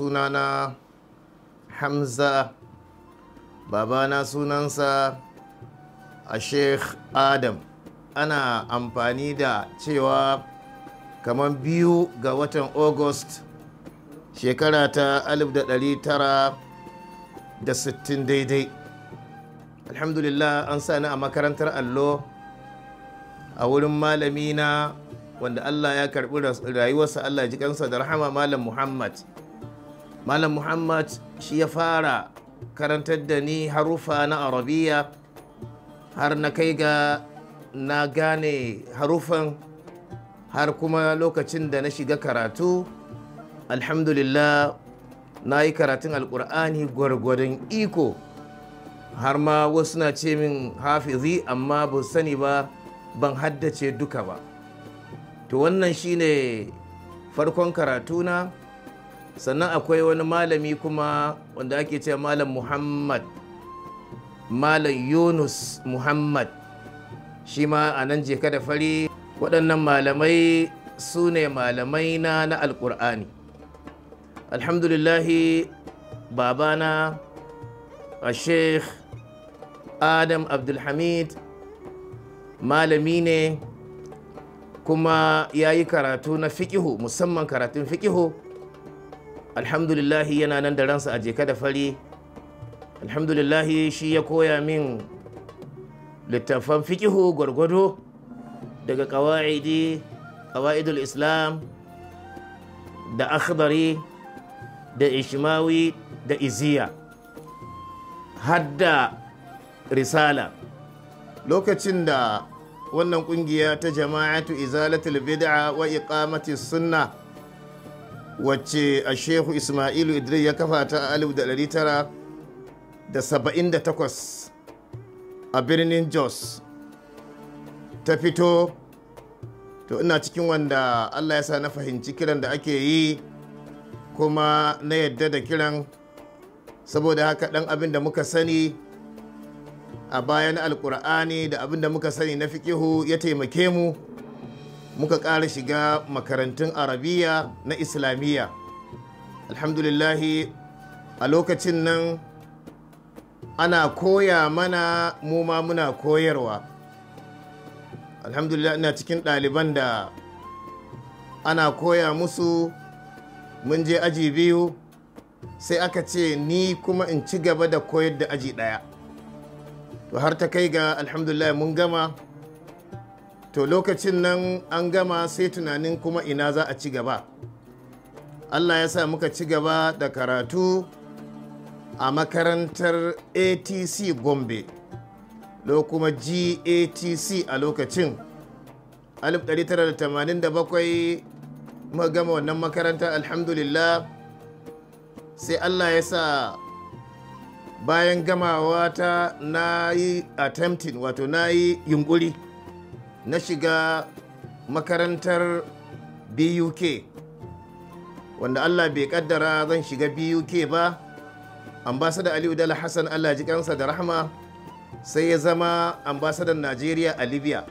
sunana hamza babana sunansa a sheikh adam ana amfani da cewa kamar biyu ga watan august shekara ta 1960 daidai alhamdulillah an sani a makarantar allo a wurin malami wanda allah ya karbi rayuwarsa allah ji da rahama malam muhammad malam muhammad shi ya fara karantar da ni harufa na arabiya har na kai ga na gane harufan har kuma lokacin da na shiga karatu alhamdulillah na yi karatun alkur'ani gwargwadon iko har ma wasu na ce min hafizi amma ba sani ba ban haddace duka ba to wannan shine farkon karatuna sannan akwai wani malami kuma wanda ake ce malam muhammad malam yunus muhammad shi ma a nan jeka da fari waɗannan malamai su ne malamai na na alƙur'ani alhamdulillahi babana a sheikh adam abdulhamid malami ne kuma ya yi karatu na fiƙihu musamman karatun fikihu. alhamdulillahi yana nan da ransa a jeka da fari alhamdulillahi shi ya koya min littafan fikihu gwargwado daga kawa'idi kawa'idul islam da akhdari da ishmawi da iziya hadda risala lokacin da wannan kungiya ta jama'atu izalatul bid'a wa iqamati sunnah wacce a shehu ismailu idris ya kafa ta takwas a birnin jos ta fito to ina cikin wanda allah ya sa na fahimci kiran da ake yi kuma na yadda da kiran saboda haka dan abin da muka sani a bayan alkur'ani da abin da muka sani na fikihu ya taimake mu muka ƙara shiga makarantun arabiya na islamiyya alhamdulillahi a lokacin nan ana koya mana mu ma muna koyarwa alhamdulillah ina cikin ɗaliban da ana koya musu mun je aji biyu sai aka ce ni kuma in ci gaba da koyar da aji ɗaya to har ta kai ga alhamdulillah mun gama to lokacin nan an gama sai tunanin kuma ina za a ci gaba allah ya sa muka ci gaba da karatu a makarantar atc gombe lo kuma gatc a lokacin 1987 muka gama wannan makaranta alhamdulillah sai allah ya sa bayan gamawa ta na yi attempting wato na yi yunkuri na shiga makarantar buk wanda allah bai kaddara zan shiga buk ba ambasada aliyu dala hassan allah ji kansa da rahama sai ya zama ambasadan najeriya a libya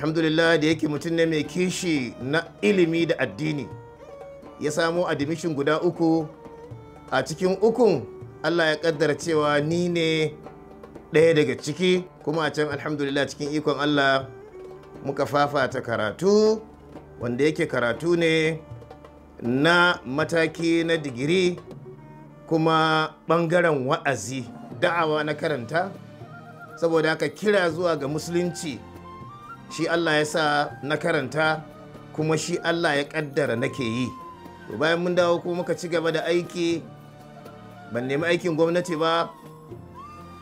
alhamdulillah da yake mutum ne mai kishi na ilimi da addini ya samo admission guda uku a cikin ukun allah ya kaddara cewa ni ne ɗaya daga ciki kuma a can alhamdulillah cikin ikon allah muka fafata karatu wanda yake karatu ne na mataki na digiri kuma ɓangaren wa'azi da'awa na karanta saboda haka kira zuwa ga musulunci shi allah ya sa na karanta kuma shi allah ya ƙaddara nake yi bayan mun dawo kuma muka ci gaba da aiki ban nemi aikin gwamnati ba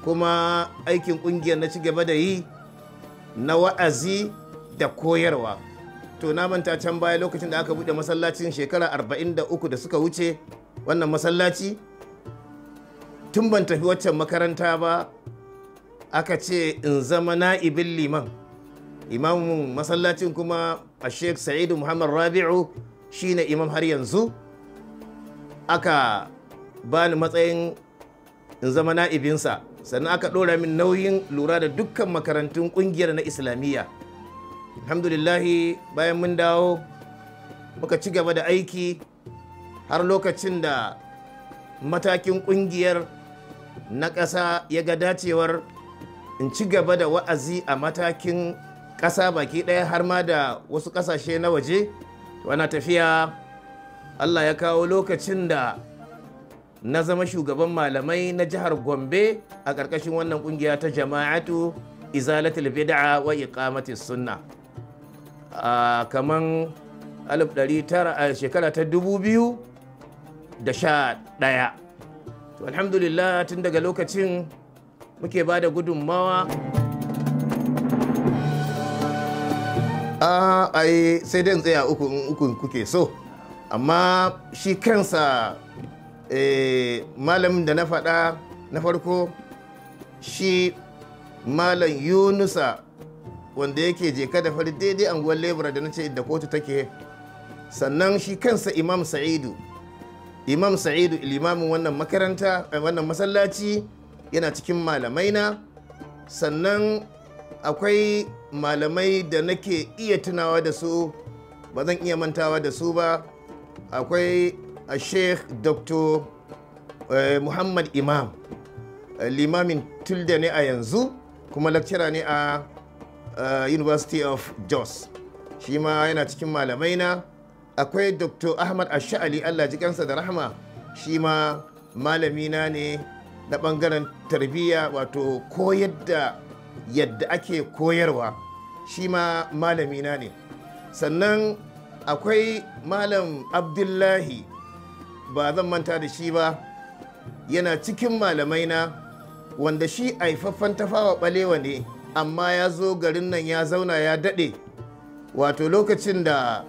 kuma aikin ƙungiyar na ci gaba da yi na wa'azi da koyarwa to na manta can baya lokacin da aka buɗe masallacin shekara 43 da suka wuce wannan masallaci tun ban tafi waccan makaranta ba aka ce in zama na'ibin liman imamun masallacin kuma a sheik sa'idu muhammad rabi'u shine imam har yanzu aka bani matsayin in zama na'ibinsa sannan aka ɗora min nauyin lura da dukkan makarantun ƙungiyar na islamiyya alhamdulillahi bayan mun dawo muka ci gaba da aiki har lokacin da matakin kungiyar na ƙasa ya ga dacewar in ci gaba da wa'azi a matakin ƙasa baki ɗaya har ma da wasu ƙasashe na waje wana tafiya allah ya kawo lokacin da na zama shugaban malamai na jihar gombe a ƙarƙashin wannan ƙungiya ta jama'atu izalatul bid'a wa iqamati sunna a kaman shekara ta dubu biyu da sha ɗaya to alhamdulillah tun daga lokacin muke ba da gudunmawa a ai sai dai tsaya ukun kuke so amma shi kansa eh, malamin da na faɗa na farko shi malam yunusa wanda yake je kada fari daidai anguwar lebura da nace da kotu take sannan shi kansa imam sa'idu imam sa'idu limamin wannan makaranta eh, wannan masallaci yana cikin malamai na sannan akwai malamai da nake iya tunawa da su ba zan iya mantawa da su ba akwai a sheikh dr eh, muhammad imam eh, limamin tilda ne a yanzu kuma lakcira ne a Uh, university of jos shi ma yana cikin malamai na akwai dr ahmad ash'ali allah ji da rahama shi ma malami na ne na bangaren tarbiyya wato koyar da yadda ake koyarwa shi ma malami na ne sannan akwai malam abdullahi ba zan manta da shi ba yana cikin malamai na wanda shi aifaffen tafawa balewa ne amma ya zo garin nan ya zauna ya daɗe wato lokacin da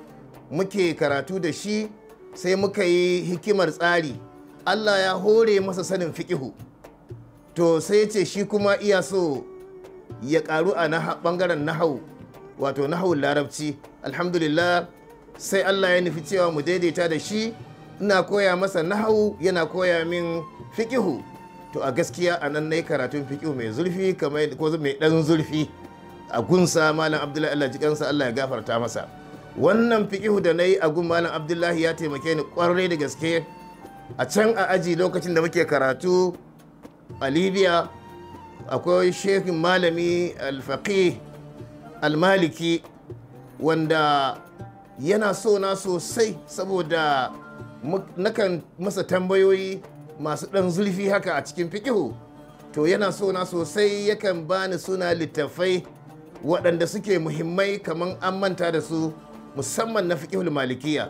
muke karatu da shi sai muka yi hikimar tsari allah ya hore masa sanin fikihu to sai ce shi kuma iya so ya ƙaru a ɓangaren nahau wato nahau larabci alhamdulillah sai allah ya nufi cewa mu daidaita da shi ina koya masa nahau yana koya min fikihu. to a gaskiya a nan na yi karatun fiƙi mai zurfi kamar ko mai ɗan zurfi a gunsa malam abdullahi allah jikansa allah ya gafarta masa wannan fiƙihu da na yi a gun malam abdullahi ya taimake ni ƙwarai da gaske a can a aji lokacin da muke karatu a libya akwai shekin malami alfaƙi almaliki wanda yana so na sosai saboda nakan masa tambayoyi masu ɗan zulfi haka a cikin fikihu to yana sona sosai yakan bani suna littafai waɗanda suke muhimmai kamar an manta da su musamman na fiƙihul malikiya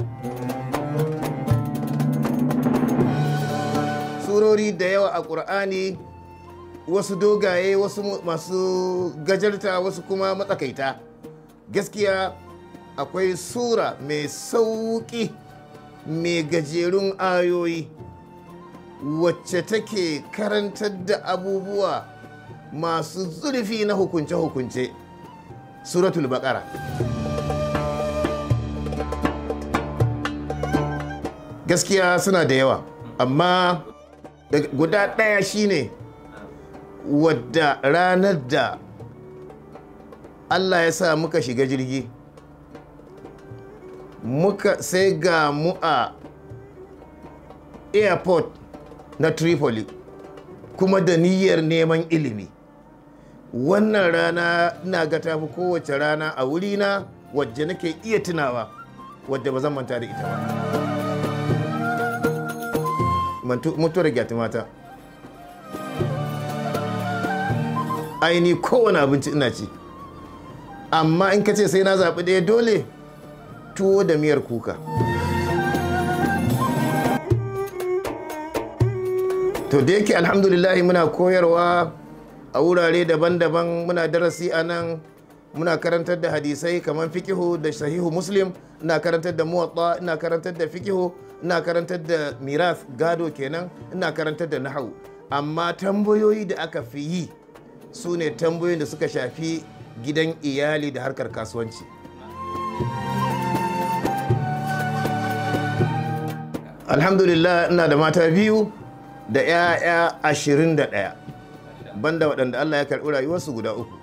surori da yawa a ƙur'ani wasu dogaye wasu masu gajarta wasu kuma matsakaita gaskiya akwai sura mai sauƙi mai gajerun ayoyi wacce take karantar da abubuwa masu zurfi na hukunce-hukunce suratul bakara gaskiya suna da yawa amma guda ɗaya shine wadda ranar da allah ya sa muka shiga jirgi muka sai ga mu a airport na tripoli kuma da niyyar neman ilimi wannan rana na ga tafi kowace rana a wurina wadda nake iya tunawa wadda ba zan manta da ita ba mutuwar mata. aini kowane abinci ina ci amma in ka ce sai na zaɓi ɗaya dole tuwo da miyar kuka. to da yake alhamdulillahi muna koyarwa a wurare daban-daban muna darasi a nan muna karantar da hadisai kamar fikihu da sahihu muslim ina karantar da muwatta ina karantar da fikihu ina karantar da miras gado kenan ina karantar da nahawu amma tambayoyi da aka fi yi su ne tambayoyin da suka shafi gidan iyali da harkar kasuwanci alhamdulillah ina da mata biyu da 'ya'ya ashirin da ɗaya banda waɗanda Allah ya karɓi rayuwarsu guda uku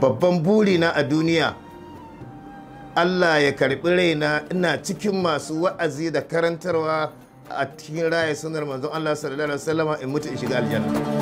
babban burina a duniya Allah ya karɓi raina ina cikin masu wa'azi da karantarwa a cikin raya sunar manzon Allah sallallahu alaihi wasallama in mutu in shiga aljanna